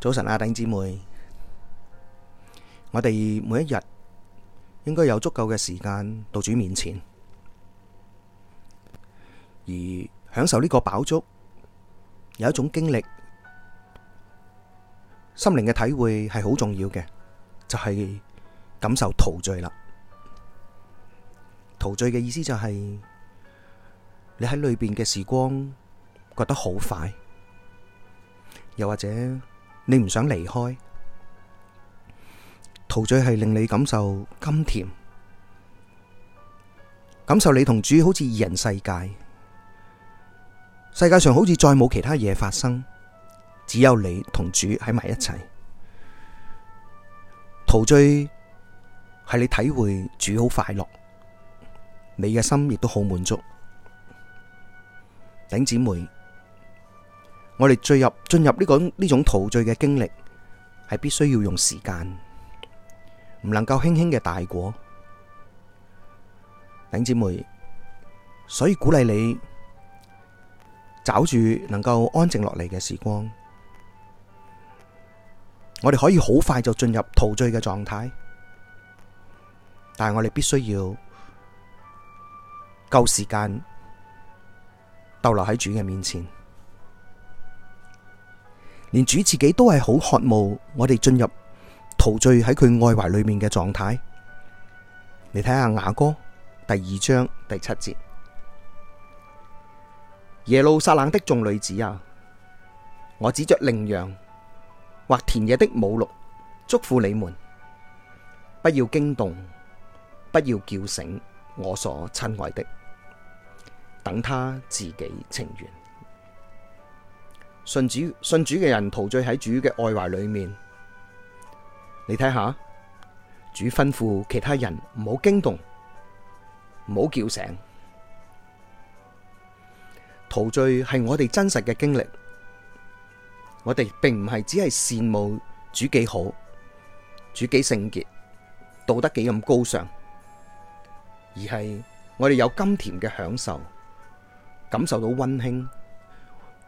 早晨阿丁姐妹，我哋每一日應該有足夠嘅時間，到主面前，而享受呢個飽足，有一種經歷，心靈嘅體會係好重要嘅，就係感受陶醉啦。陶醉嘅意思就係你喺裏邊嘅時光覺得好快，又或者。你唔想離開，陶醉係令你感受甘甜，感受你同主好似二人世界，世界上好似再冇其他嘢發生，只有你同主喺埋一齊。陶醉係你體會主好快樂，你嘅心亦都好滿足。頂姊妹。我哋進入進入呢個呢種陶醉嘅經歷，係必須要用時間，唔能夠輕輕嘅帶過，頂姐妹，所以鼓勵你找住能夠安靜落嚟嘅時光，我哋可以好快就進入陶醉嘅狀態，但係我哋必須要夠時間逗留喺主嘅面前。連主自己都係好渴望我哋進入陶醉喺佢愛懷裏面嘅狀態。你睇下雅歌第二章第七節：耶路撒冷的眾女子啊，我指着羚羊或田野的母鹿，祝福你們，不要驚動，不要叫醒我所親愛的，等他自己情願。信主、信主嘅人陶醉喺主嘅愛懷裏面，你睇下，主吩咐其他人唔好驚動，唔好叫醒。陶醉係我哋真實嘅經歷，我哋並唔係只係羨慕主幾好，主幾聖潔，道德幾咁高尚，而係我哋有甘甜嘅享受，感受到溫馨。